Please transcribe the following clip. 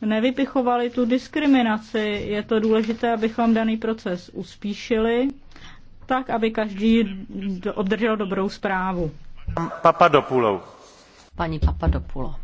nevypichovali tu diskriminaci. Je to důležité, abychom daný proces uspíšili, tak, aby každý obdržel dobrou zprávu. Papadopoulou. Paní Papadopoulou.